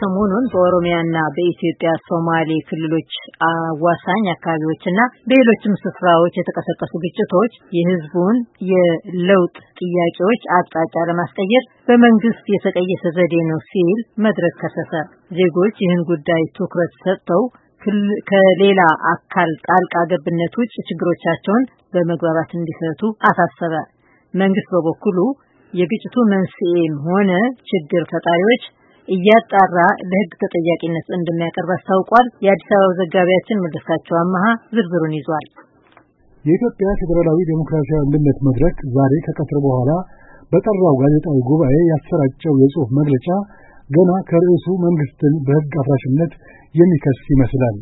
ሰሞኑን በኦሮሚያና በኢትዮጵያ ሶማሌ ክልሎች አዋሳኝ አካባቢዎችና በሌሎችም ስፍራዎች የተቀሰቀሱ ግጭቶች የሕዝቡን የለውጥ ጥያቄዎች አቅጣጫ ለማስቀየር በመንግስት የተቀየሰ ዘዴ ነው ሲል መድረክ ከሰሰ። ዜጎች ይህን ጉዳይ ትኩረት ሰጥተው ከሌላ አካል ጣልቃ ገብነት ውጭ ችግሮቻቸውን በመግባባት እንዲፈቱ አሳሰበ። መንግስት በበኩሉ የግጭቱ መንስኤም ሆነ ችግር ፈጣሪዎች እያጣራ ለህግ ተጠያቂነት እንደሚያቀርብ አስታውቋል። የአዲስ አበባ ዘጋቢያችን መለስካቸው አመሃ ዝርዝሩን ይዟል። የኢትዮጵያ ፌዴራላዊ ዴሞክራሲያዊ አንድነት መድረክ ዛሬ ከቀትር በኋላ በጠራው ጋዜጣዊ ጉባኤ ያሰራጨው የጽሑፍ መግለጫ ገና ከርዕሱ መንግስትን በህግ አፍራሽነት የሚከስ ይመስላል።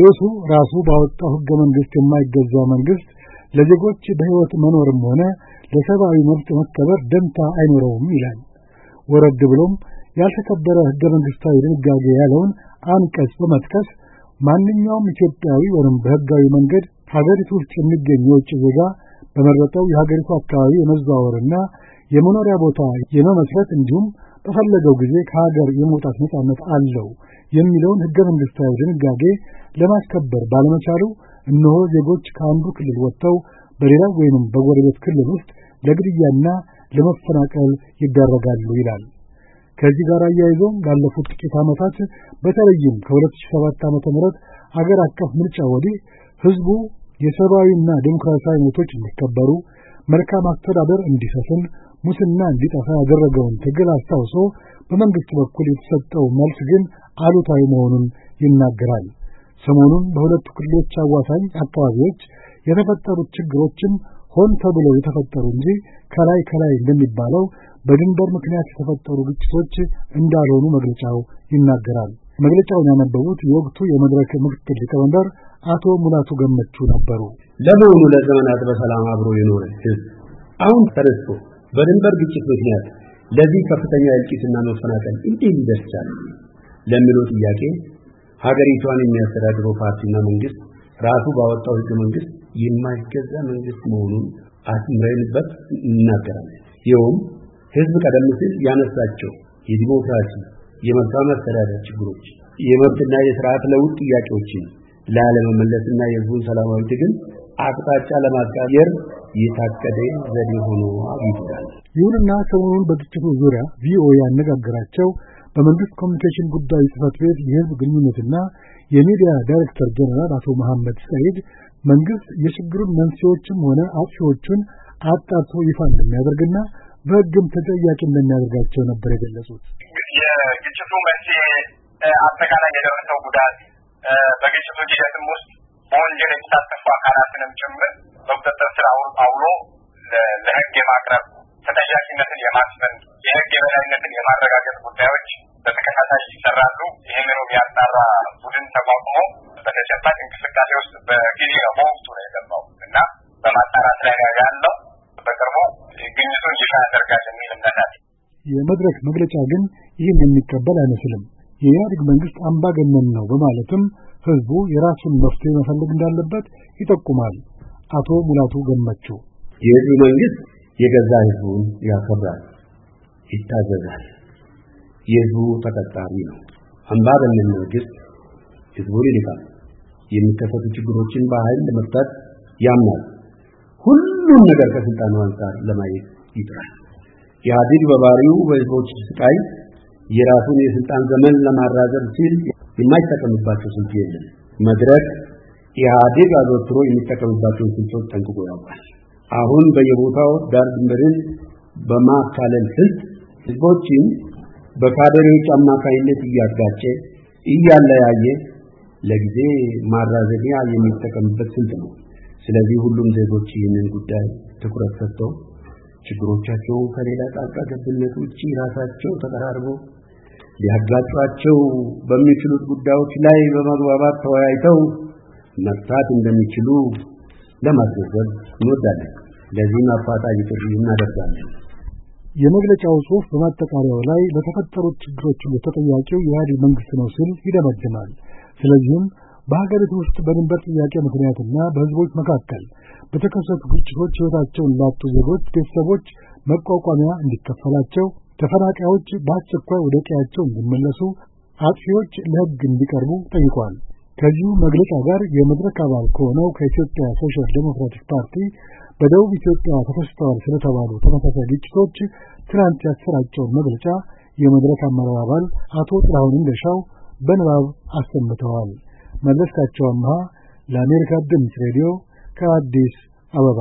ርዕሱ ራሱ ባወጣው ህገ መንግስት የማይገዛ መንግስት ለዜጎች በሕይወት መኖርም ሆነ ለሰብአዊ መብት መከበር ደንታ አይኖረውም ይላል። ወረድ ብሎም ያልተከበረ ህገ መንግስታዊ ድንጋጌ ያለውን አንቀጽ በመጥቀስ ማንኛውም ኢትዮጵያዊ ወይም በህጋዊ መንገድ ሀገሪቱ ውስጥ የሚገኝ የውጭ ዜጋ በመረጠው የሀገሪቱ አካባቢ የመዘዋወርና የመኖሪያ ቦታ የመመስረት እንዲሁም በፈለገው ጊዜ ከሀገር የመውጣት ነጻነት አለው የሚለውን ህገ መንግስታዊ ድንጋጌ ለማስከበር ባለመቻሉ እነሆ ዜጎች ከአንዱ ክልል ወጥተው በሌላው ወይንም በጎረቤት ክልል ውስጥ ለግድያና ለመፈናቀል ይዳረጋሉ ይላል። ከዚህ ጋር አያይዞም ላለፉት ጥቂት ዓመታት በተለይም ከ2007 ዓ ም አገር አቀፍ ምርጫ ወዲህ ህዝቡ የሰብአዊና ዴሞክራሲያዊ መብቶች እንዲከበሩ መልካም አስተዳደር እንዲሰፍን ሙስና እንዲጠፋ ያደረገውን ትግል አስታውሶ በመንግሥት በኩል የተሰጠው መልስ ግን አሉታዊ መሆኑን ይናገራል። ሰሞኑን በሁለቱ ክልሎች አዋሳኝ አካባቢዎች የተፈጠሩት ችግሮችም ሆን ተብሎ የተፈጠሩ እንጂ ከላይ ከላይ እንደሚባለው በድንበር ምክንያት የተፈጠሩ ግጭቶች እንዳልሆኑ መግለጫው ይናገራል። መግለጫውን ያነበቡት የወቅቱ የመድረክ ምክትል ሊቀመንበር አቶ ሙላቱ ገመቹ ነበሩ። ለመሆኑ ለዘመናት በሰላም አብሮ የኖረ ህዝብ አሁን ተነስቶ በድንበር ግጭት ምክንያት ለዚህ ከፍተኛ እልቂትና መፈናቀል እንዴት ይደርሳል ለሚለው ጥያቄ ሀገሪቷን የሚያስተዳድረው ፓርቲና መንግስት ራሱ ባወጣው ህገ መንግስት የማይገዛ መንግስት መሆኑን አስምረንበት እናገራለን። ይኸውም ህዝብ ቀደም ሲል ያነሳቸው የዲሞክራሲ፣ የመልካም አስተዳደር ችግሮች፣ የመብትና የስርዓት ለውጥ ጥያቄዎችን ላለመመለስና የህዝቡን ሰላማዊ ትግል አቅጣጫ ለማስቀየር የታቀደ ዘዴ ሆኖ ይታያል። ይሁንና ሰሞኑን በግጭቱ ዙሪያ ቪኦኤ ያነጋገራቸው በመንግስት ኮሚኒኬሽን ጉዳይ ጽሕፈት ቤት የህዝብ ግንኙነትና የሚዲያ ዳይሬክተር ጀነራል አቶ መሐመድ ሰይድ መንግስት የችግሩን መንስኤዎችም ሆነ አጥፊዎቹን አጣርቶ ይፋ እንደሚያደርግና በህግም ተጠያቂ እንደሚያደርጋቸው ነበር የገለጹት። የግጭቱ መንስኤ አጠቃላይ የደረሰው ጉዳት በግጭቱ ሂደትም ውስጥ በወንጀል የተሳተፉ አካላትንም ጭምር በቁጥጥር ስር አውሎ ለህግ የማቅረብ ተጠያቂነትን የማስፈን የህግ የበላይነትን የማረጋገጥ ጉዳዮች በተከታታይ ይሰራሉ። ይህንኑ የሚያጣራ ቡድን ተቋቁሞ በተጨባጭ እንቅስቃሴ ውስጥ በጊዜ ነው በወቅቱ ነው የገባው እና በማጣራት ላይ ነው ያለው። በቅርቡ ግኝቱን ይፋ ያደርጋል የሚል እምነት አለ። የመድረክ መግለጫ ግን ይህን የሚቀበል አይመስልም። የኢህአዴግ መንግስት አምባገነን ነው በማለትም ህዝቡ የራሱን መፍትሄ መፈለግ እንዳለበት ይጠቁማል። አቶ ሙላቱ ገመቹ የህዝቡ መንግስት የገዛ ህዝቡን ያከብራል፣ ይታዘዛል፣ የህዝቡ ተቀጣሪ ነው። አምባገነን መንግስት ህዝቡን ይልካል፣ የሚከሰቱ ችግሮችን በኃይል ለመፍታት ያምናል፣ ሁሉን ነገር ከስልጣኑ አንጻር ለማየት ይጥራል። ኢህአዴግ በባሪው በህዝቦች ስቃይ የራሱን የስልጣን ዘመን ለማራዘም ሲል የማይጠቀምባቸው ስልት የለም። መድረክ ኢህአዴግ አዘወትሮ የሚጠቀምባቸውን ስልቶች ጠንቅቆ ያውቃል። አሁን በየቦታው ዳር ድንበርን በማካለል ስልት ህዝቦችን በካድሬዎች አማካኝነት እያጋጨ እያለያየ ለጊዜ ማራዘሚያ የሚጠቀምበት ስልት ነው። ስለዚህ ሁሉም ዜጎች ይህንን ጉዳይ ትኩረት ሰጥተው ችግሮቻቸውን ከሌላ ጣልቃ ገብነት ውጪ ራሳቸው ተቀራርበው ሊያጋጯቸው በሚችሉት ጉዳዮች ላይ በመግባባት ተወያይተው መፍታት እንደሚችሉ ለማስመሰል እንወዳለን። ለዚህም አፋጣኝ ጥሪ እናደርጋለን። የመግለጫው ጽሑፍ በማጠቃለያው ላይ ለተፈጠሩት ችግሮች ሁሉ ተጠያቂው የኢህአዴግ መንግስት ነው ሲል ይደመድማል። ስለዚህም በሀገሪቱ ውስጥ በድንበር ጥያቄ ምክንያትና በህዝቦች መካከል በተከሰቱ ግጭቶች ህይወታቸውን ላጡ ዜጎች ቤተሰቦች መቋቋሚያ እንዲከፈላቸው ተፈናቃዮች በአስቸኳይ ወደ ቀያቸው እንዲመለሱ፣ አጥፊዎች ለሕግ እንዲቀርቡ ጠይቋል። ከዚሁ መግለጫ ጋር የመድረክ አባል ከሆነው ከኢትዮጵያ ሶሻል ዴሞክራቲክ ፓርቲ በደቡብ ኢትዮጵያ ተከስተዋል ስለተባሉ ተመሳሳይ ግጭቶች ትናንት ያሰራጨውን መግለጫ የመድረክ አመራር አባል አቶ ጥላሁን እንደሻው በንባብ አሰምተዋል። መለስካቸው አምሃ ለአሜሪካ ድምፅ ሬዲዮ ከአዲስ አበባ